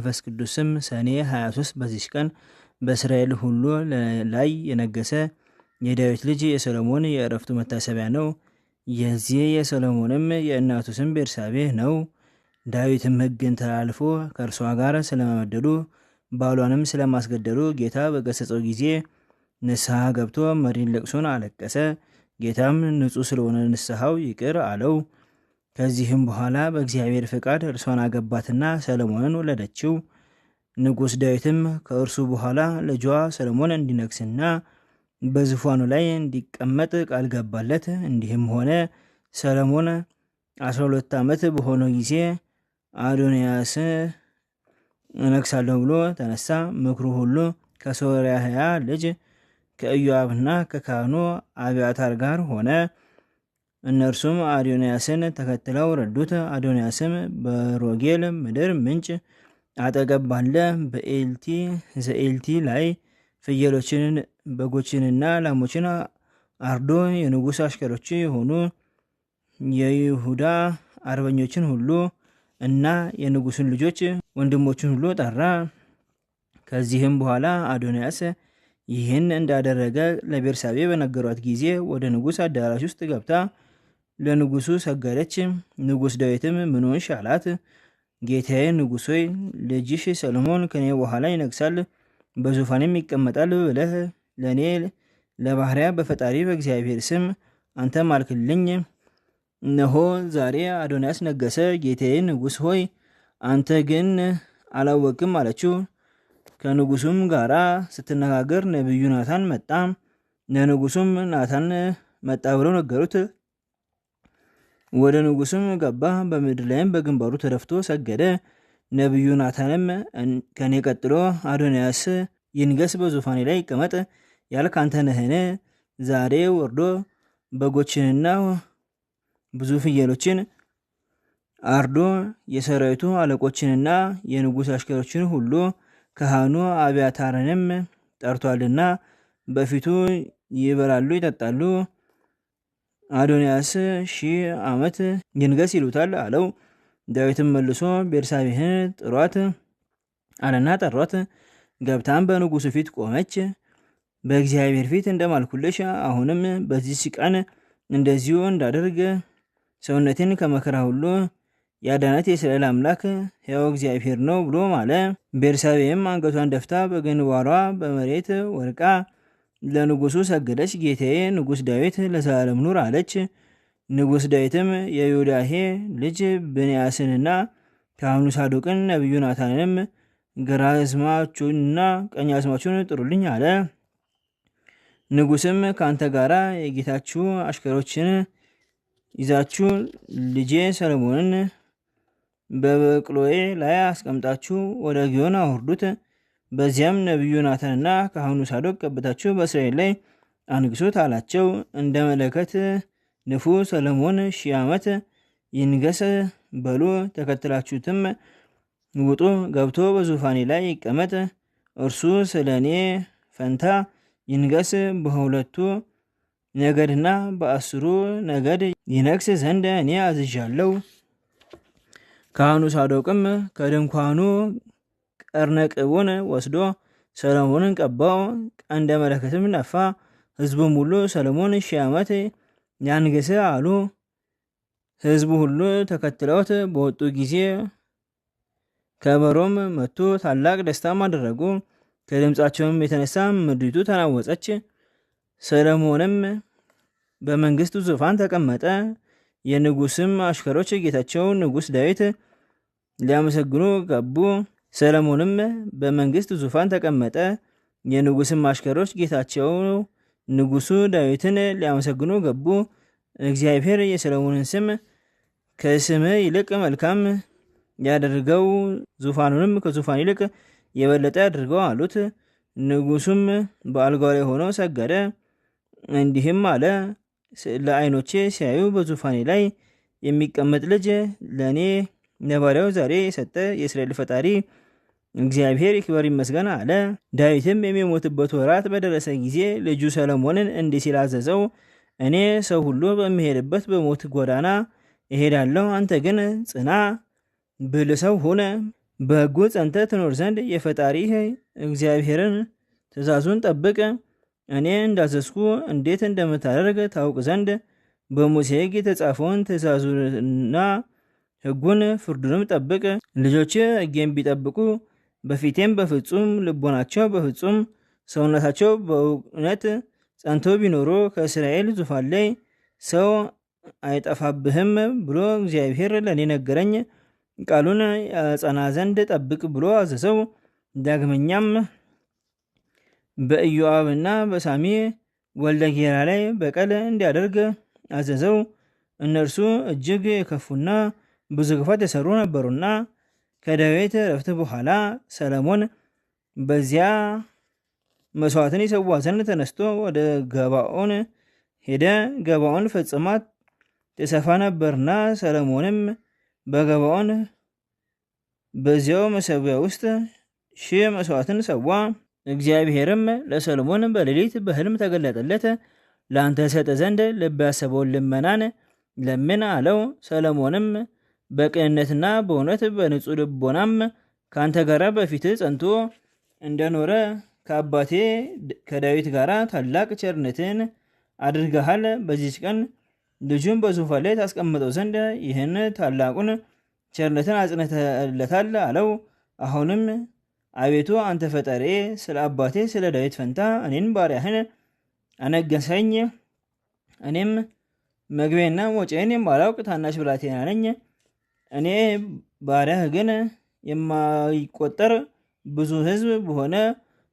በመንፈስ ቅዱስም ሰኔ 23 በዚች ቀን በእስራኤል ሁሉ ላይ የነገሰ የዳዊት ልጅ የሰሎሞን የእረፍቱ መታሰቢያ ነው። የዚህ የሰሎሞንም የእናቱ ስም ቤርሳቤ ነው። ዳዊትም ሕግን ተላልፎ ከእርሷ ጋር ስለመመደሉ ባሏንም ስለማስገደሉ ጌታ በገሰጸው ጊዜ ንስሐ ገብቶ መሪን ለቅሶን አለቀሰ። ጌታም ንጹሕ ስለሆነ ንስሐው ይቅር አለው። ከዚህም በኋላ በእግዚአብሔር ፍቃድ እርሷን አገባትና ሰለሞንን ወለደችው። ንጉሥ ዳዊትም ከእርሱ በኋላ ልጇ ሰለሞን እንዲነግስና በዙፋኑ ላይ እንዲቀመጥ ቃል ገባለት። እንዲህም ሆነ። ሰለሞን 12 ዓመት በሆነው ጊዜ አዶንያስ እነግሳለሁ ብሎ ተነሳ። ምክሩ ሁሉ ከሶርያ ልጅ ከኢዮአብና ከካህኑ አብያታር ጋር ሆነ። እነርሱም አዶንያስን ተከትለው ረዱት። አዶንያስም በሮጌል ምድር ምንጭ አጠገብ ባለ በኤልቲ ዘኤልቲ ላይ ፍየሎችን በጎችንና ላሞችን አርዶ የንጉሥ አሽከሮች የሆኑ የይሁዳ አርበኞችን ሁሉ እና የንጉሱን ልጆች ወንድሞችን ሁሉ ጠራ። ከዚህም በኋላ አዶንያስ ይህን እንዳደረገ ለቤርሳቤ በነገሯት ጊዜ ወደ ንጉሥ አዳራሽ ውስጥ ገብታ ለንጉሱ ሰገደች። ንጉስ ዳዊትም ምንሽ አላት። ጌታዬ ንጉስ ሆይ ልጅሽ ሰሎሞን ከኔ በኋላ ይነግሳል፣ በዙፋንም ይቀመጣል ብለህ ለእኔ ለባህሪያ በፈጣሪ በእግዚአብሔር ስም አንተ ማልክልኝ። እነሆ ዛሬ አዶንያስ ነገሰ፣ ጌታዬ ንጉስ ሆይ አንተ ግን አላወቅም አለችው። ከንጉሱም ጋራ ስትነጋገር ነቢዩ ናታን መጣ። ለንጉሱም ናታን መጣ ብለው ነገሩት። ወደ ንጉስም ገባ፣ በምድር ላይም በግንባሩ ተደፍቶ ሰገደ። ነቢዩ ናታንም ከኔ ቀጥሎ አዶንያስ ይንገስ፣ በዙፋኔ ላይ ይቀመጥ ያልክ አንተ ነህን? ዛሬ ወርዶ በጎችንና ብዙ ፍየሎችን አርዶ የሰራዊቱ አለቆችንና የንጉሥ አሽከሮችን ሁሉ ካህኑ አብያታርንም ጠርቷልና በፊቱ ይበላሉ፣ ይጠጣሉ። አዶንያስ ሺህ ዓመት ይንገስ ይሉታል አለው። ዳዊትም መልሶ ቤርሳቤህን ጥሯት አለና ጠሯት። ገብታም በንጉሱ ፊት ቆመች። በእግዚአብሔር ፊት እንደማልኩልሽ አሁንም በዚች ቀን እንደዚሁ እንዳደርግ ሰውነቴን ከመከራ ሁሉ ያዳነት የእስራኤል አምላክ ሕያው እግዚአብሔር ነው ብሎ ማለ። ቤርሳቤም አንገቷን ደፍታ በግንባሯ በመሬት ወርቃ ለንጉሱ ሰገደች። ጌታዬ ንጉስ ዳዊት ለዘላለም ኑር አለች። ንጉስ ዳዊትም የዮዳሄ ልጅ ብንያስንና ካህኑ ሳዶቅን ነቢዩ ናታንንም ግራ አዝማቹንና ቀኝ አዝማቹን ጥሩልኝ አለ። ንጉስም ከአንተ ጋር የጌታችሁ አሽከሮችን ይዛችሁ ልጄ ሰለሞንን በበቅሎዬ ላይ አስቀምጣችሁ ወደ ጊዮን አውርዱት በዚያም ነቢዩ ናታንና ካህኑ ሳዶቅ ቀብታችሁ በእስራኤል ላይ አንግሱት አላቸው። እንደ መለከት ንፉ፣ ሰለሞን ሺህ ዓመት ይንገስ በሉ። ተከትላችሁትም ውጡ፣ ገብቶ በዙፋኔ ላይ ይቀመጥ፣ እርሱ ስለ እኔ ፈንታ ይንገስ፣ በሁለቱ ነገድና በአስሩ ነገድ ይነግስ ዘንድ እኔ አዝዣለሁ። ካህኑ ሳዶቅም ከድንኳኑ ቀርነቅቡን ወስዶ ሰሎሞንን ቀባው፣ ቀንደ መለከትም ነፋ። ህዝቡም ሁሉ ሰሎሞን ሺህ ዓመት ያንግስ አሉ። ህዝቡ ሁሉ ተከትለውት በወጡ ጊዜ ከበሮም መቱ፣ ታላቅ ደስታም አደረጉ። ከድምፃቸውም የተነሳ ምድሪቱ ተናወጸች። ሰሎሞንም በመንግስቱ ዙፋን ተቀመጠ። የንጉስም አሽከሮች ጌታቸው ንጉስ ዳዊት ሊያመሰግኑ ገቡ። ሰለሞንም በመንግስት ዙፋን ተቀመጠ። የንጉስም አሽከሮች ጌታቸው ንጉሱ ዳዊትን ሊያመሰግኑ ገቡ። እግዚአብሔር የሰለሞንን ስም ከስም ይልቅ መልካም ያደርገው፣ ዙፋኑንም ከዙፋን ይልቅ የበለጠ ያደርገው አሉት። ንጉሱም በአልጋው ላይ ሆኖ ሰገደ፣ እንዲህም አለ። ለዓይኖቼ ሲያዩ በዙፋኔ ላይ የሚቀመጥ ልጅ ለእኔ ነባሪያው ዛሬ የሰጠ የእስራኤል ፈጣሪ እግዚአብሔር ይክበር ይመስገን አለ። ዳዊትም የሚሞትበት ወራት በደረሰ ጊዜ ልጁ ሰለሞንን እንዲህ ሲል አዘዘው፣ እኔ ሰው ሁሉ በሚሄድበት በሞት ጎዳና እሄዳለሁ፣ አንተ ግን ጽና፣ ብልህ ሰው ሁነ፣ በሕጉ ጸንተ ትኖር ዘንድ የፈጣሪህ እግዚአብሔርን ትእዛዙን ጠብቅ። እኔ እንዳዘዝኩ እንዴት እንደምታደርግ ታውቅ ዘንድ በሙሴ ሕግ የተጻፈውን ትእዛዙንና ሕጉን ፍርዱንም ጠብቅ። ልጆች ሕጌን ቢጠብቁ በፊቴም በፍጹም ልቦናቸው በፍጹም ሰውነታቸው በእውነት ጸንቶ ቢኖሩ ከእስራኤል ዙፋን ላይ ሰው አይጠፋብህም ብሎ እግዚአብሔር ለእኔ ነገረኝ። ቃሉን ያጸና ዘንድ ጠብቅ ብሎ አዘዘው። ዳግመኛም በኢዮአብና በሳሚ ወልደ ጌራ ላይ በቀል እንዲያደርግ አዘዘው። እነርሱ እጅግ የከፉና ብዙ ክፋት የሰሩ ነበሩና ከዳዊት እረፍት በኋላ ሰለሞን በዚያ መስዋዕትን ይሰዋ ዘንድ ተነስቶ ወደ ገባኦን ሄደ። ገባኦን ፈጽማ ተሰፋ ነበርና፣ ሰለሞንም በገባኦን በዚያው መሰቢያ ውስጥ ሺህ መስዋዕትን ሰዋ። እግዚአብሔርም ለሰለሞን በሌሊት በሕልም ተገለጠለት። ለአንተ ሰጠ ዘንድ ልብ ያሰበውን ልመናን ለምን አለው። ሰለሞንም በቅንነትና በእውነት በንጹህ ልቦናም ከአንተ ጋር በፊት ጸንቶ እንደኖረ ከአባቴ ከዳዊት ጋር ታላቅ ቸርነትን አድርገሃል። በዚች ቀን ልጁን በዙፋን ላይ ታስቀምጠው ዘንድ ይህን ታላቁን ቸርነትን አጽንተለታል አለው። አሁንም አቤቱ አንተ ፈጣሪ ስለ አባቴ ስለ ዳዊት ፈንታ እኔን ባሪያህን አነገሰኝ። እኔም መግቢያና ወጪዬን የማላውቅ ታናሽ ብላቴና ነኝ። እኔ ባሪያህ ግን የማይቆጠር ብዙ ሕዝብ በሆነ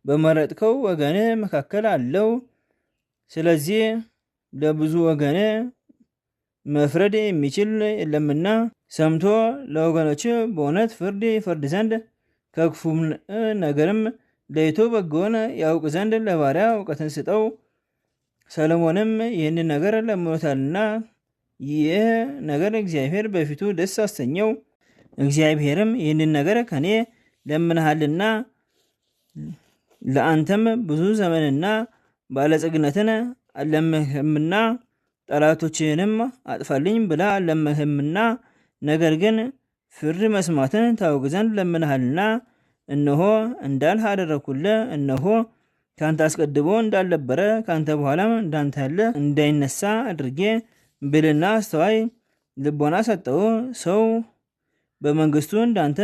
በመረጥከው ወገን መካከል አለው። ስለዚህ ለብዙ ወገን መፍረድ የሚችል የለምና ሰምቶ ለወገኖች በእውነት ፍርድ ይፈርድ ዘንድ ከክፉ ነገርም ለይቶ በጎን ያውቅ ዘንድ ለባሪያ እውቀትን ስጠው። ሰለሞንም ይህንን ነገር ለምኖታልና ይህ ነገር እግዚአብሔር በፊቱ ደስ አሰኘው። እግዚአብሔርም ይህንን ነገር ከኔ ለምንሃልና ለአንተም ብዙ ዘመንና ባለጸግነትን አለምህምና ጠላቶችንም አጥፋልኝ ብላ አለምህምና ነገር ግን ፍርድ መስማትን ታውግ ዘንድ ለምንሃልና እነሆ እንዳልህ አደረኩል እነሆ ከአንተ አስቀድቦ እንዳልነበረ ከአንተ በኋላም እንዳንተ ያለ እንዳይነሳ አድርጌ ብልና አስተዋይ ልቦና ሰጠው። ሰው በመንግስቱ እንዳንተ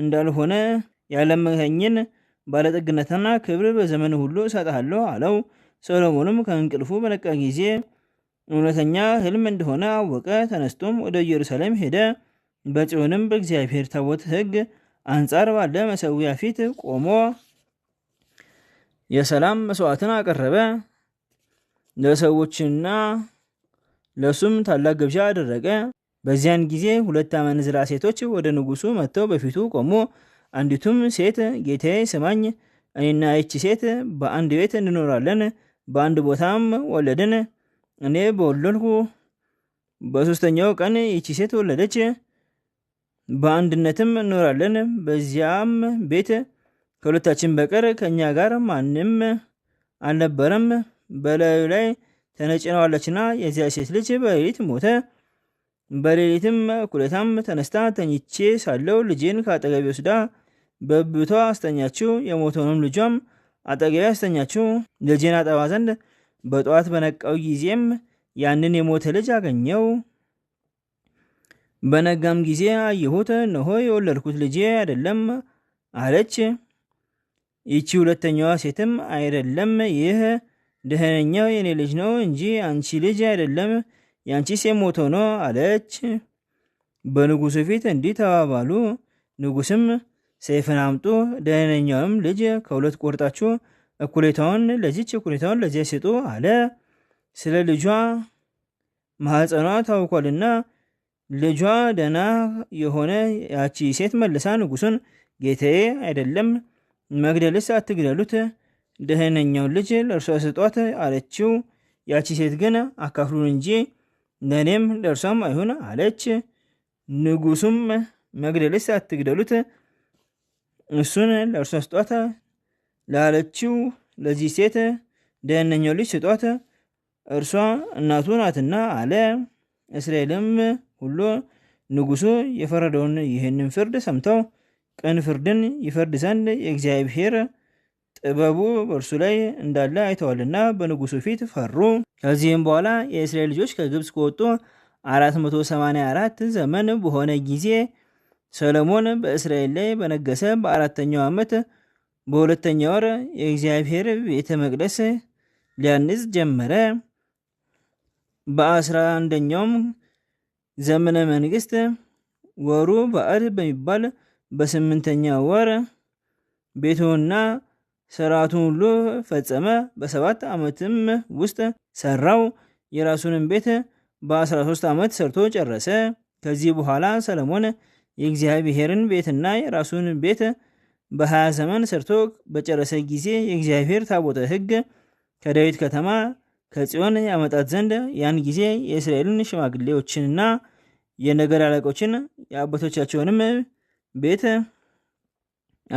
እንዳልሆነ ያለመኸኝን ባለጠግነትና ክብር በዘመን ሁሉ እሰጥሃለሁ አለው። ሰሎሞንም ከእንቅልፉ በነቃ ጊዜ እውነተኛ ህልም እንደሆነ አወቀ። ተነስቶም ወደ ኢየሩሳሌም ሄደ። በጽዮንም በእግዚአብሔር ታቦት ሕግ አንጻር ባለ መሰዊያ ፊት ቆሞ የሰላም መስዋዕትን አቀረበ ለሰዎችና ለእሱም ታላቅ ግብዣ አደረገ። በዚያን ጊዜ ሁለት አመንዝራ ሴቶች ወደ ንጉሱ መጥተው በፊቱ ቆሙ። አንዲቱም ሴት ጌታዬ ስማኝ፣ እኔና ይቺ ሴት በአንድ ቤት እንኖራለን፣ በአንድ ቦታም ወለድን። እኔ በወለድኩ በሶስተኛው ቀን ይቺ ሴት ወለደች፣ በአንድነትም እኖራለን። በዚያም ቤት ከሁለታችን በቀር ከእኛ ጋር ማንም አልነበረም። በላዩ ላይ ተነጭነዋለችና የዚያ ሴት ልጅ በሌሊት ሞተ። በሌሊትም ኩሌታም ተነስታ ተኝቼ ሳለው ልጄን ከአጠገቢ ወስዳ በብቷ አስተኛችው። የሞተውንም ልጇም አጠገቢ አስተኛችው። ልጄን አጠባ ዘንድ በጠዋት በነቃው ጊዜም ያንን የሞተ ልጅ አገኘው። በነጋም ጊዜ አየሁት፣ እነሆ የወለድኩት ልጄ አይደለም አለች። ይቺ ሁለተኛዋ ሴትም አይደለም ይህ ደህነኛው የኔ ልጅ ነው እንጂ አንቺ ልጅ አይደለም፣ ሴ ሞቶ ነው አለች። በንጉሱ ፊት እንዲህ ተባባሉ። ንጉስም ሰይፍን አምጡ፣ ደህነኛውም ልጅ ከሁለት ቆርጣችሁ እኩሌታውን ለዚች እኩሌታውን ለዚያ ስጡ አለ። ስለ ልጇ ማህፀኗ ታውቋልና ልጇ ደህና የሆነ ያቺ ሴት መልሳ ንጉሱን ጌታዬ፣ አይደለም መግደልስ አትግደሉት ደህነኛውን ልጅ ለእርሷ ስጧት አለችው። ያቺ ሴት ግን አካፍሉን እንጂ ለእኔም ለእርሷም አይሁን አለች። ንጉሱም መግደልስ አትግደሉት፣ እሱን ለእርሷ ስጧት ላለችው ለዚህ ሴት ደህነኛው ልጅ ስጧት፣ እርሷ እናቱ ናትና አለ። እስራኤልም ሁሉ ንጉሱ የፈረደውን ይህንን ፍርድ ሰምተው ቅን ፍርድን ይፈርድ ዘንድ የእግዚአብሔር ጥበቡ በእርሱ ላይ እንዳለ አይተዋልና በንጉሱ ፊት ፈሩ። ከዚህም በኋላ የእስራኤል ልጆች ከግብፅ ከወጡ 484 ዘመን በሆነ ጊዜ ሰለሞን በእስራኤል ላይ በነገሰ በአራተኛው ዓመት በሁለተኛ ወር የእግዚአብሔር ቤተ መቅደስ ሊያንጽ ጀመረ። በአስራ አንደኛውም ዘመነ መንግስት ወሩ በአድ በሚባል በስምንተኛ ወር ቤቱና ስርዓቱን ሁሉ ፈጸመ። በሰባት ዓመትም ውስጥ ሰራው። የራሱንም ቤት በ13 ዓመት ሰርቶ ጨረሰ። ከዚህ በኋላ ሰለሞን የእግዚአብሔርን ቤትና የራሱን ቤት በሀያ ዘመን ሰርቶ በጨረሰ ጊዜ የእግዚአብሔር ታቦተ ሕግ ከዳዊት ከተማ ከጽዮን ያመጣት ዘንድ ያን ጊዜ የእስራኤልን ሽማግሌዎችንና የነገድ አለቆችን የአባቶቻቸውንም ቤት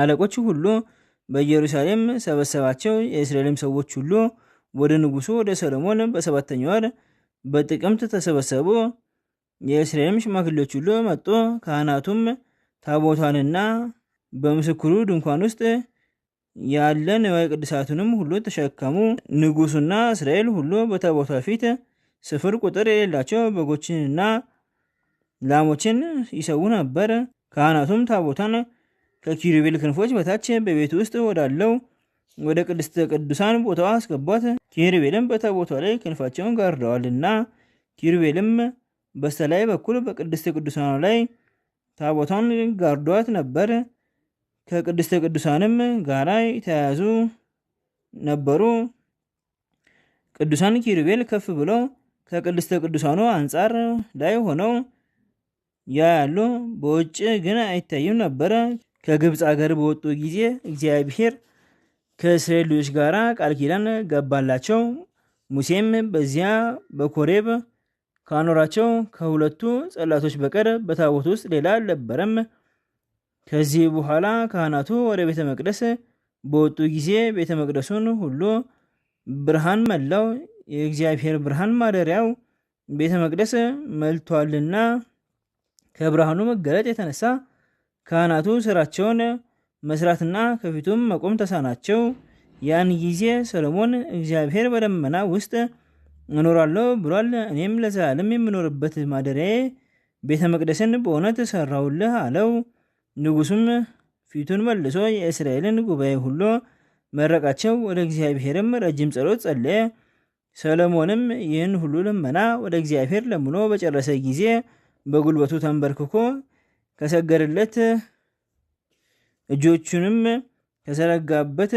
አለቆች ሁሉ በኢየሩሳሌም ሰበሰባቸው። የእስራኤልም ሰዎች ሁሉ ወደ ንጉሱ ወደ ሰሎሞን በሰባተኛው ወር በጥቅምት ተሰበሰቡ። የእስራኤልም ሽማግሌዎች ሁሉ መጡ። ካህናቱም ታቦቷንና በምስክሩ ድንኳን ውስጥ ያለ ንዋየ ቅድሳቱንም ሁሉ ተሸከሙ። ንጉሱና እስራኤል ሁሉ በታቦቷ ፊት ስፍር ቁጥር የሌላቸው በጎችንና ላሞችን ይሰዉ ነበር። ካህናቱም ታቦቷን ከኪሩቤል ክንፎች በታች በቤት ውስጥ ወዳለው ወደ ቅድስተ ቅዱሳን ቦታዋ አስገቧት። ኪሩቤልም በታቦቷ ላይ ክንፋቸውን ጋርደዋል እና ኪሩቤልም በስተላይ በኩል በቅድስተ ቅዱሳኑ ላይ ታቦቷን ጋርዷት ነበር። ከቅድስተ ቅዱሳንም ጋራ የተያያዙ ነበሩ። ቅዱሳን ኪሩቤል ከፍ ብለው ከቅድስተ ቅዱሳኑ አንጻር ላይ ሆነው ያያሉ፣ በውጭ ግን አይታይም ነበረ። ከግብፅ አገር በወጡ ጊዜ እግዚአብሔር ከእስራኤል ልጆች ጋር ቃል ኪዳን ገባላቸው። ሙሴም በዚያ በኮሬብ ካኖራቸው ከሁለቱ ጸላቶች በቀር በታቦት ውስጥ ሌላ አልነበረም። ከዚህ በኋላ ካህናቱ ወደ ቤተ መቅደስ በወጡ ጊዜ ቤተ መቅደሱን ሁሉ ብርሃን መላው፣ የእግዚአብሔር ብርሃን ማደሪያው ቤተ መቅደስ መልቷልና ከብርሃኑ መገለጥ የተነሳ ካህናቱ ስራቸውን መስራትና ከፊቱም መቆም ተሳናቸው። ያን ጊዜ ሰሎሞን እግዚአብሔር በደመና ውስጥ እኖራለሁ ብሏል፣ እኔም ለዘላለም የምኖርበት ማደሪያዬ ቤተ መቅደስን በእውነት ሰራውልህ አለው። ንጉሱም ፊቱን መልሶ የእስራኤልን ጉባኤ ሁሉ መረቃቸው። ወደ እግዚአብሔርም ረጅም ጸሎት ጸለየ። ሰሎሞንም ይህን ሁሉ ልመና ወደ እግዚአብሔር ለምኖ በጨረሰ ጊዜ በጉልበቱ ተንበርክኮ ከሰገረለት እጆቹንም ከዘረጋበት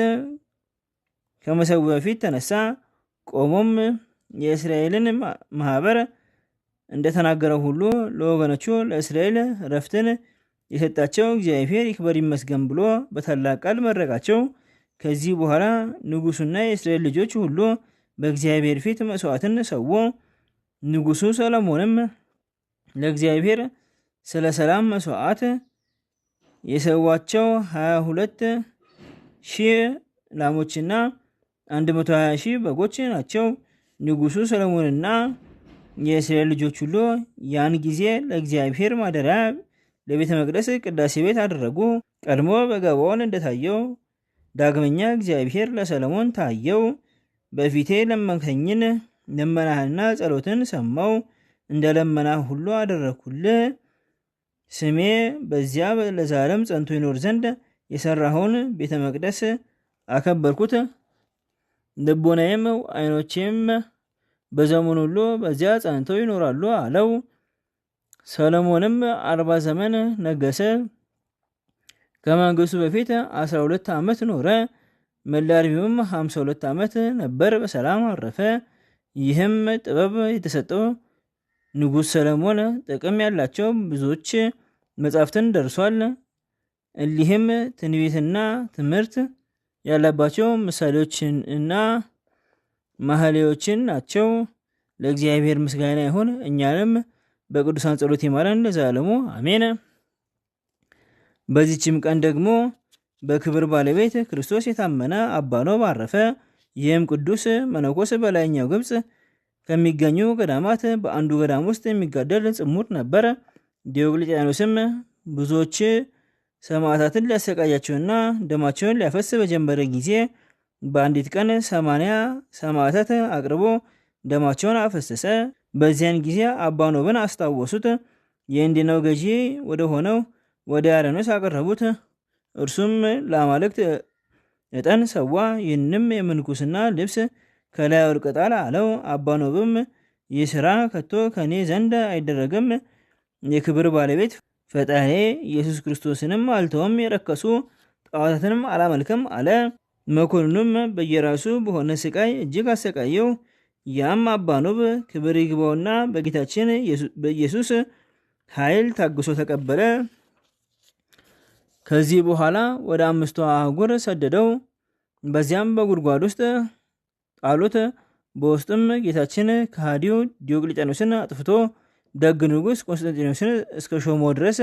ከመሰው በፊት ተነሳ። ቆሞም የእስራኤልን ማህበር እንደተናገረው ሁሉ ለወገኖቹ ለእስራኤል ረፍትን የሰጣቸው እግዚአብሔር ይክበር ይመስገን ብሎ በታላቅ ቃል መረቃቸው። ከዚህ በኋላ ንጉሱና የእስራኤል ልጆች ሁሉ በእግዚአብሔር ፊት መስዋዕትን ሰዎ። ንጉሱ ሰለሞንም ለእግዚአብሔር ስለ ሰላም መስዋዕት የሰዋቸው 22 ሺህ ላሞችና 120 ሺህ በጎች ናቸው። ንጉሱ ሰለሞንና የእስራኤል ልጆች ሁሉ ያን ጊዜ ለእግዚአብሔር ማደሪያ ለቤተ መቅደስ ቅዳሴ ቤት አደረጉ። ቀድሞ በገባዖን እንደታየው ዳግመኛ እግዚአብሔር ለሰለሞን ታየው። በፊቴ ለመንከኝን ልመናህንና ጸሎትን ሰማው፣ እንደ ለመናህ ሁሉ አደረግኩልህ ስሜ በዚያ ለዛለም ጸንቶ ይኖር ዘንድ የሰራኸውን ቤተ መቅደስ አከበርኩት። ልቦናዬም አይኖቼም በዘመኑ ሁሉ በዚያ ጸንተው ይኖራሉ አለው። ሰሎሞንም አርባ ዘመን ነገሰ። ከመንግስቱ በፊት 12 ሁለት ዓመት ኖረ። መላርቢውም 52 ሀምሳ ሁለት ዓመት ነበር። በሰላም አረፈ። ይህም ጥበብ የተሰጠው ንጉሥ ሰለሞን ጥቅም ያላቸው ብዙዎች መጻሕፍትን ደርሷል። እሊህም ትንቢትና ትምህርት ያለባቸው ምሳሌዎችንና እና ማህሌዎችን ናቸው። ለእግዚአብሔር ምስጋና ይሁን፣ እኛንም በቅዱሳን ጸሎት ይማረን ለዘላለሙ አሜን። በዚችም ቀን ደግሞ በክብር ባለቤት ክርስቶስ የታመነ አባ ኖብ አረፈ። ይህም ቅዱስ መነኮስ በላይኛው ግብፅ ከሚገኙ ገዳማት በአንዱ ገዳም ውስጥ የሚጋደል ጽሙር ነበረ። ዲዮቅልጥያኖስም ብዙዎች ሰማዕታትን ሊያሰቃያቸውና ደማቸውን ሊያፈስ በጀመረ ጊዜ በአንዲት ቀን ሰማንያ ሰማዕታት አቅርቦ ደማቸውን አፈሰሰ። በዚያን ጊዜ አባኖብን አስታወሱት። የእንዲነው ገዢ ወደ ሆነው ወደ ያረኖስ አቀረቡት። እርሱም ለአማልክት እጠን ሰዋ። ይህንም የምንኩስና ልብስ ከላይ አውልቀጣል አለው። አባኖብም ይህ ስራ ከቶ ከኔ ዘንድ አይደረግም፣ የክብር ባለቤት ፈጣሪ ኢየሱስ ክርስቶስንም አልተውም፣ የረከሱ ጣዖታትንም አላመልክም አለ። መኮንኑም በየራሱ በሆነ ስቃይ እጅግ አሰቃየው። ያም አባኖብ ክብር ይግባውና በጌታችን በኢየሱስ ኃይል ታግሶ ተቀበለ። ከዚህ በኋላ ወደ አምስቱ አህጉር ሰደደው። በዚያም በጉድጓድ ውስጥ አሉት። በውስጡም ጌታችን ከሃዲው ዲዮቅሊጠኖስን አጥፍቶ ደግ ንጉሥ ቆንስጠንጢኖስን እስከ ሾሞ ድረስ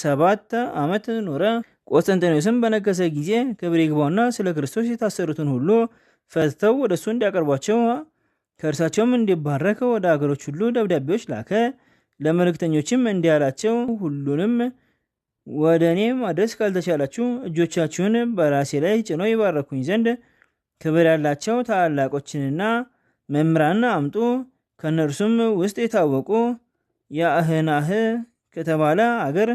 ሰባት ዓመት ኖረ። ቆንስጠንጢኖስን በነገሰ ጊዜ ክብር ይግባውና ስለ ክርስቶስ የታሰሩትን ሁሉ ፈትተው ወደ እሱ እንዲያቀርቧቸው ከእርሳቸውም እንዲባረክ ወደ አገሮች ሁሉ ደብዳቤዎች ላከ። ለመልእክተኞችም እንዲያላቸው ሁሉንም ወደ እኔ ማድረስ ካልተቻላችሁ እጆቻችሁን በራሴ ላይ ጭኖ ይባረኩኝ ዘንድ ክብር ያላቸው ታላላቆችንና መምህራን አምጡ። ከእነርሱም ውስጥ የታወቁ የአህናህ ከተባለ አገር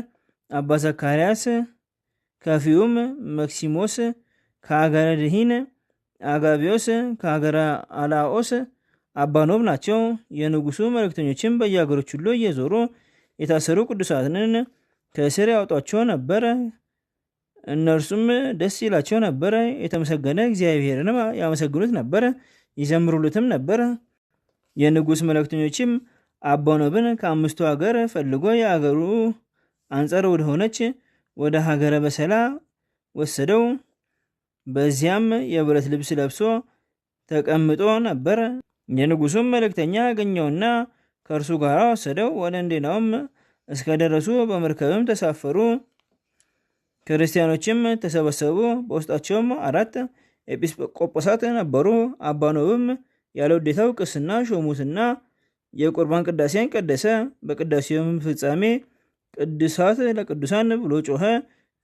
አባ ዘካርያስ፣ ከፊዩም መክሲሞስ ከአገረ ድሂን፣ አጋቢዮስ ከአገረ አላኦስ አባኖብ ናቸው። የንጉሱ መልእክተኞችም በየአገሮች ሁሉ እየዞሩ የታሰሩ ቅዱሳትንን ከእስር ያወጧቸው ነበር። እነርሱም ደስ ይላቸው ነበረ፣ የተመሰገነ እግዚአብሔርንም ያመሰግኑት ነበረ፣ ይዘምሩሉትም ነበረ። የንጉሥ መልእክተኞችም አቦኖብን ከአምስቱ ሀገር ፈልጎ የአገሩ አንጻር ወደሆነች ወደ ሀገረ በሰላ ወሰደው። በዚያም የብረት ልብስ ለብሶ ተቀምጦ ነበር። የንጉሱም መልእክተኛ አገኘውና ከእርሱ ጋር ወሰደው። ወደ እንዴናውም እስከደረሱ በመርከብም ተሳፈሩ። ክርስቲያኖችም ተሰበሰቡ። በውስጣቸውም አራት ኤጲስቆጶሳት ነበሩ። አባኖብም ያለ ውዴታው ቅስና ሾሙትና የቁርባን ቅዳሴን ቀደሰ። በቅዳሴውም ፍጻሜ ቅዱሳት ለቅዱሳን ብሎ ጮኸ።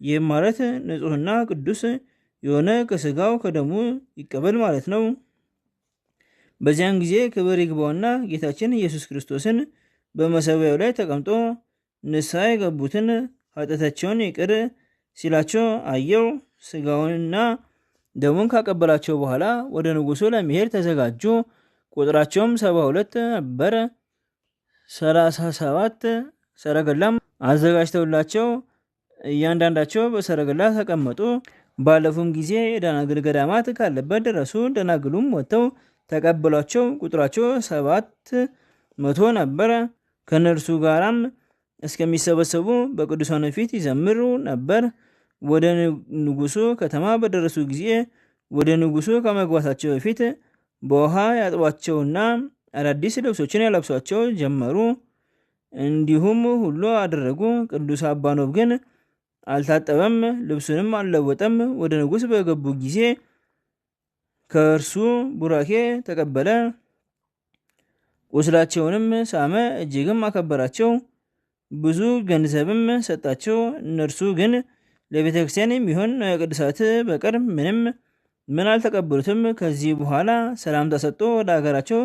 ይህም ማለት ንጹሕና ቅዱስ የሆነ ከስጋው ከደሙ ይቀበል ማለት ነው። በዚያን ጊዜ ክብር ይግባውና ጌታችን ኢየሱስ ክርስቶስን በመሰቢያው ላይ ተቀምጦ ንስሐ የገቡትን ኃጢአታቸውን ይቅር ሲላቸው አየው። ስጋውንና ደሙን ካቀበላቸው በኋላ ወደ ንጉሱ ለመሄድ ተዘጋጁ። ቁጥራቸውም ሰባ ሁለት ነበር። ሰረገላም አዘጋጅተውላቸው እያንዳንዳቸው በሰረገላ ተቀመጡ። ባለፉም ጊዜ የደናግል ገዳማት ካለበት ደረሱ። ደናግሉም ወጥተው ተቀብሏቸው ቁጥራቸው ሰባት መቶ ነበር። ከነርሱ ጋራም እስከሚሰበሰቡ በቅዱሳኑ ፊት ይዘምሩ ነበር። ወደ ንጉሱ ከተማ በደረሱ ጊዜ ወደ ንጉሱ ከመግባታቸው በፊት በውሃ ያጥቧቸውና አዳዲስ ልብሶችን ያለብሷቸው ጀመሩ። እንዲሁም ሁሉ አደረጉ። ቅዱስ አባኖብ ግን አልታጠበም፣ ልብሱንም አልለወጠም። ወደ ንጉስ በገቡ ጊዜ ከእርሱ ቡራኬ ተቀበለ፣ ቁስላቸውንም ሳመ፣ እጅግም አከበራቸው። ብዙ ገንዘብም ሰጣቸው። እነርሱ ግን ለቤተ ክርስቲያን የሚሆን ቅዱሳት በቀር ምንም ምን አልተቀበሉትም። ከዚህ በኋላ ሰላምታ ሰጥቶ ወደ አገራቸው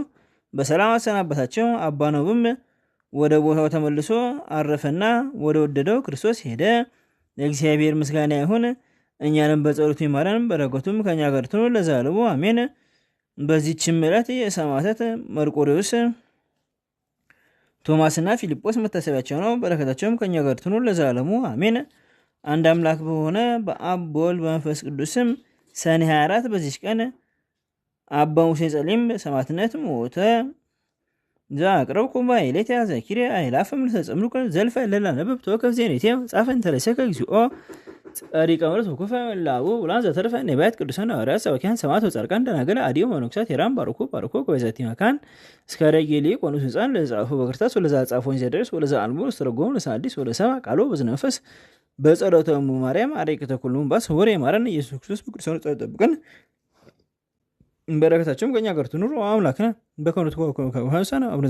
በሰላም አሰናበታቸው። አባኖብም ወደ ቦታው ተመልሶ አረፈና ወደ ወደደው ክርስቶስ ሄደ። ለእግዚአብሔር ምስጋና ይሁን፣ እኛንም በጸሎቱ ይማረን፣ በረከቱም ከኛ ጋር ትኑር ለዘላለሙ አሜን። በዚችም ዕለት የሰማዕታት መርቆሬዎስ ቶማስና ፊልጶስ መታሰቢያቸው ነው። በረከታቸውም ከኛ ጋር ትኑ ለዘላለሙ አሜን። አንድ አምላክ በሆነ በአብ በወልድ በመንፈስ ቅዱስም ሰኔ 24 በዚች ቀን አባ ሙሴ ጸሊም ሰማዕትነት ሞተ። ሌት ባዕሌተ ዘኪርየ አእላፍም ለተጸምዱከ ዘልፈ ነበብ ተወከፍ ጻፈ ጻፈን ተለሰከ እግዚኦ ሪቀ ማለት ኩፈ ላቡ ብላን ዘተርፈ ነቢያት ቅዱሳን ሐዋርያት ሰባኪያን ሰማዕት ወጻድቃን ደናግል አዲዮ መነኮሳት ሄራን ባርኮ ባርኮ በዛቲ መካን እስከ ደጌሌ ቆኑስ ህፃን ለጻፉ በክርታስ ወለዛ ጻፎን ዘደርስ ወለዛ አልሞ ስተረጎሙ ለሳዲስ ወለሰባ ቃሎ በዝነፈስ በጸሎተሙ ማርያም አሬቅተ ኩሉ ባስ ወሬ ማረን ኢየሱስ ክርስቶስ በቅዱሳኑ ጸሎት ጠብቅን በረከታቸውም ከእኛ ጋር ትኑር አምላክነ በከውነት ኮ